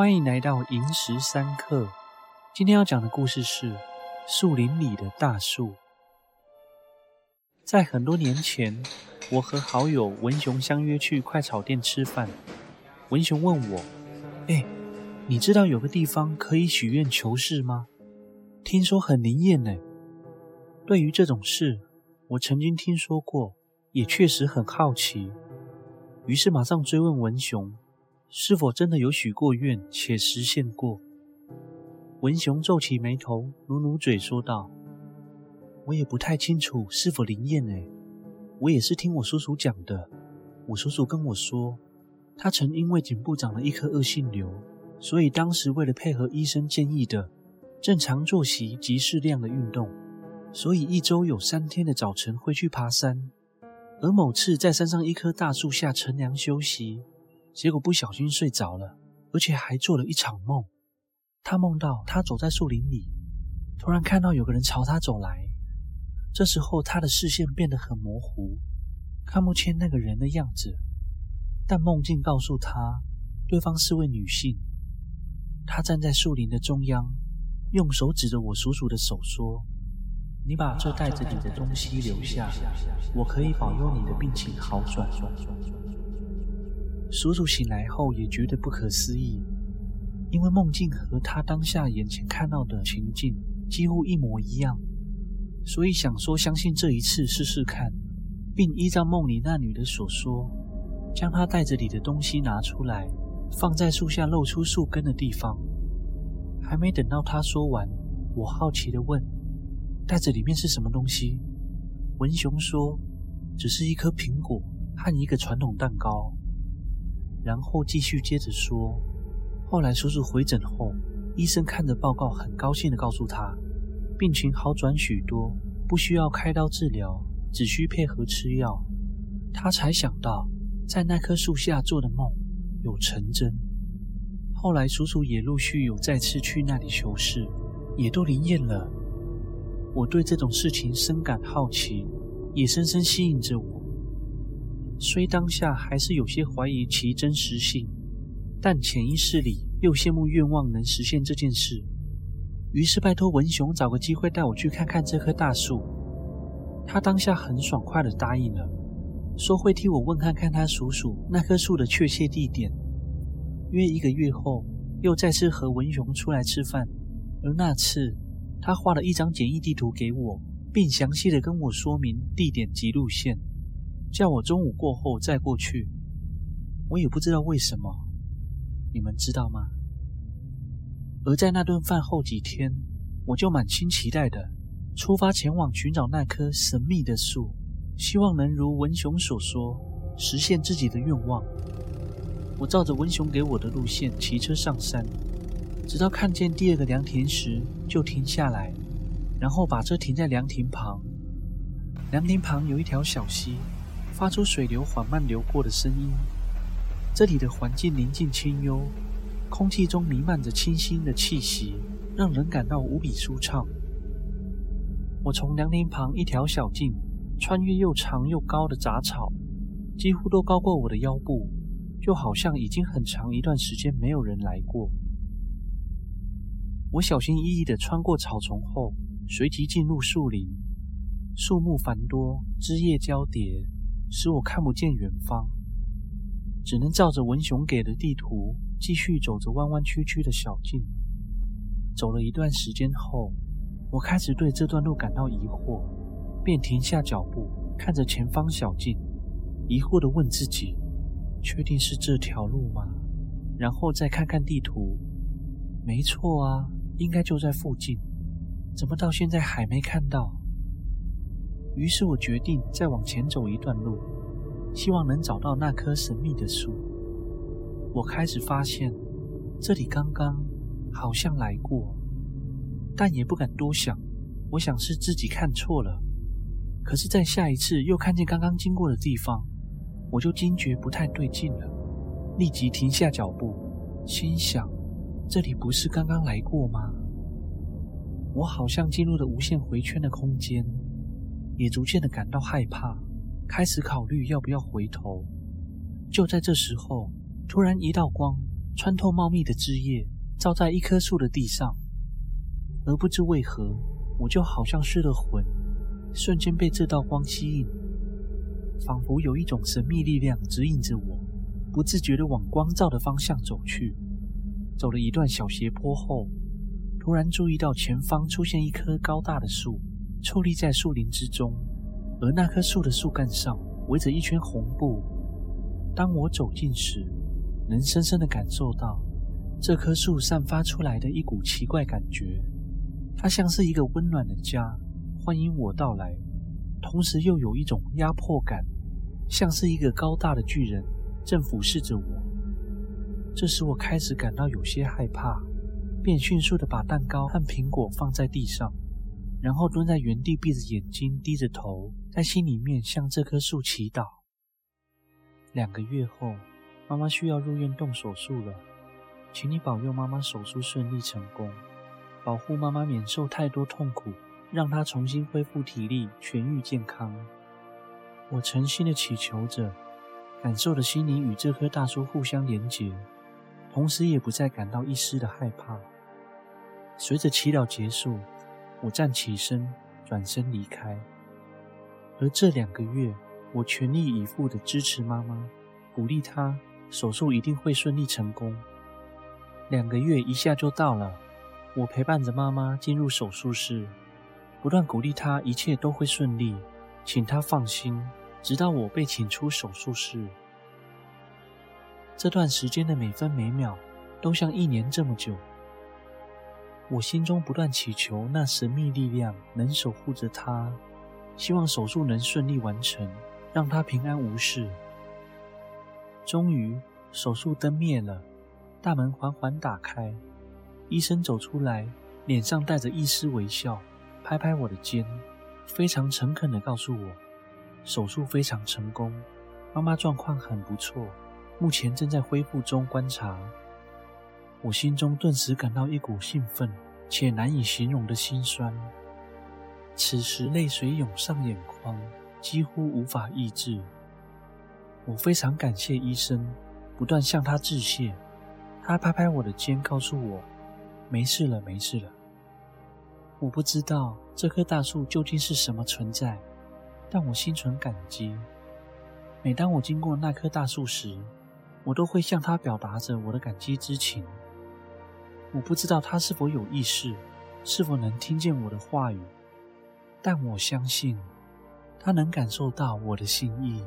歡迎來到寅時三刻。今天要講的故事是《樹林裡的大樹》。在很多年前，我和好友文雄相約去快炒店吃飯。文雄問我：“哎、欸，你知道有個地方可以許願求事嗎？聽說很靈驗呢。”對於這種事，我曾經聽說過，也確實很好奇。於是馬上追問文雄。是否真的有許過願且實現過？文雄皺起眉頭，努努嘴說道：“我也不太清楚是否靈驗哎，我也是聽我叔叔講的。我叔叔跟我說，他曾因為頸部長了一顆惡性瘤，所以當時為了配合醫生建議的正常作息及適量的運動，所以一周有三天的早晨會去爬山。而某次在山上一棵大樹下乘涼休息。”結果不小心睡着了，而且還做了一場夢。他夢到他走在樹林裡，突然看到有個人朝他走來。這時候他的視線變得很模糊，看不清那個人的樣子。但夢境告訴他，對方是位女性。她站在樹林的中央，用手指着我叔叔的手說：“你把這袋子裡的東西留下，我可以保佑你的病情好轉。”叔叔醒來後也覺得不可思議，因為夢境和他當下眼前看到的情境，幾乎一模一樣，所以想說相信這一次試試看，並依照夢裡那女的所說，將她袋子裡的東西拿出來，放在樹下露出樹根的地方。還沒等到他說完，我好奇地問：“袋子裡面是什麼東西？”文雄說：“只是一顆蘋果和一個傳統蛋糕。”然後繼續接着說，後來叔叔回診後，醫生看着報告，很高興地告訴他，病情好轉許多，不需要開刀治療，只需配合吃藥。他才想到，在那棵樹下做的夢有成真。後來叔叔也陸續有再次去那裡求事，也都靈驗了。我對這種事情深感好奇，也深深吸引着我。雖當下還是有些懷疑其真實性，但潛意識裡又羨慕願望能實現這件事，於是拜託文雄找個機會帶我去看看這棵大樹。他當下很爽快地答應了，說會替我問看看他叔叔那棵樹的確切地點。約一個月後，又再次和文雄出來吃飯，而那次他畫了一張簡易地圖給我，並詳細地跟我說明地點及路線。叫我中午過後再過去，我也不知道為什麼，你們知道嗎？而在那頓飯後幾天，我就滿心期待的出發前往尋找那棵神秘的樹，希望能如文雄所說，實現自己的願望。我照着文雄給我的路線騎車上山，直到看見第二個涼亭時就停下來，然後把車停在涼亭旁。涼亭旁有一條小溪。發出水流緩慢流過的聲音。這裡的環境寧靜清幽，空氣中彌漫着清新的氣息，讓人感到無比舒暢。我從涼亭旁一條小徑穿越又長又高的雜草，幾乎都高過我的腰部，就好像已經很長一段時間沒有人來過。我小心翼翼地穿過草叢後，隨即進入樹林。樹木繁多，枝葉交疊。使我看不見遠方，只能照着文雄給的地圖繼續走着彎彎曲曲的小徑。走了一段時間後，我開始對這段路感到疑惑，便停下腳步，看着前方小徑，疑惑地問自己：“確定是這條路嗎？”然後再看看地圖，沒錯啊，應該就在附近，怎麼到現在還沒看到？於是我決定再往前走一段路，希望能找到那棵神秘的樹。我開始發現，這裡剛剛好像來過，但也不敢多想。我想是自己看錯了，可是，在下一次又看見剛剛經過的地方，我就驚覺不太對勁了，立即停下腳步，心想：這裡不是剛剛來過嗎？我好像進入了無限迴圈的空間。也逐漸地感到害怕，開始考慮要不要回頭。就在這時候，突然一道光穿透茂密的枝葉，照在一棵樹的地上。而不知為何，我就好像失了魂，瞬間被這道光吸引，仿佛有一種神秘力量指引着我，不自覺地往光照的方向走去。走了一段小斜坡後，突然注意到前方出現一棵高大的樹。矗立在樹林之中，而那棵樹的樹幹上圍着一圈紅布。當我走近時，能深深地感受到這棵樹散發出來的一股奇怪感覺。它像是一個溫暖的家，歡迎我到來，同時又有一種壓迫感，像是一個高大的巨人正俯視着我。這時我開始感到有些害怕，便迅速地把蛋糕和蘋果放在地上。然後蹲在原地，閉着眼睛，低着頭，在心裡面向這棵樹祈禱。兩個月後，媽媽需要入院動手術了，請你保佑媽媽手術順利成功，保護媽媽免受太多痛苦，讓她重新恢復體力，痊癒健康。我誠心的祈求着，感受著心靈與這棵大樹互相連結，同時也不再感到一絲的害怕。隨着祈禱結束。我站起身，轉身離開。而這兩個月，我全力以赴地支持媽媽，鼓勵她手術一定會順利成功。兩個月一下就到了，我陪伴着媽媽進入手術室，不斷鼓勵她一切都會順利，請她放心，直到我被請出手術室。這段時間的每分每秒，都像一年這麼久。我心中不斷祈求，那神秘力量能守護着她，希望手術能順利完成，讓她平安無事。終於，手術燈滅了，大門緩緩打開，醫生走出來，臉上帶着一絲微笑，拍拍我的肩，非常誠懇地告訴我，手術非常成功，媽媽狀況很不錯，目前正在恢復中觀察。我心中頓時感到一股興奮且難以形容的心酸，此時淚水湧上眼眶，幾乎無法抑制。我非常感謝醫生，不斷向他致謝。他拍拍我的肩，告訴我：“沒事了，沒事了。”我不知道這棵大樹究竟是什麼存在，但我心存感激。每當我經過那棵大樹時，我都會向他表達着我的感激之情。我不知道他是否有意識，是否能聽見我的話語，但我相信他能感受到我的心意。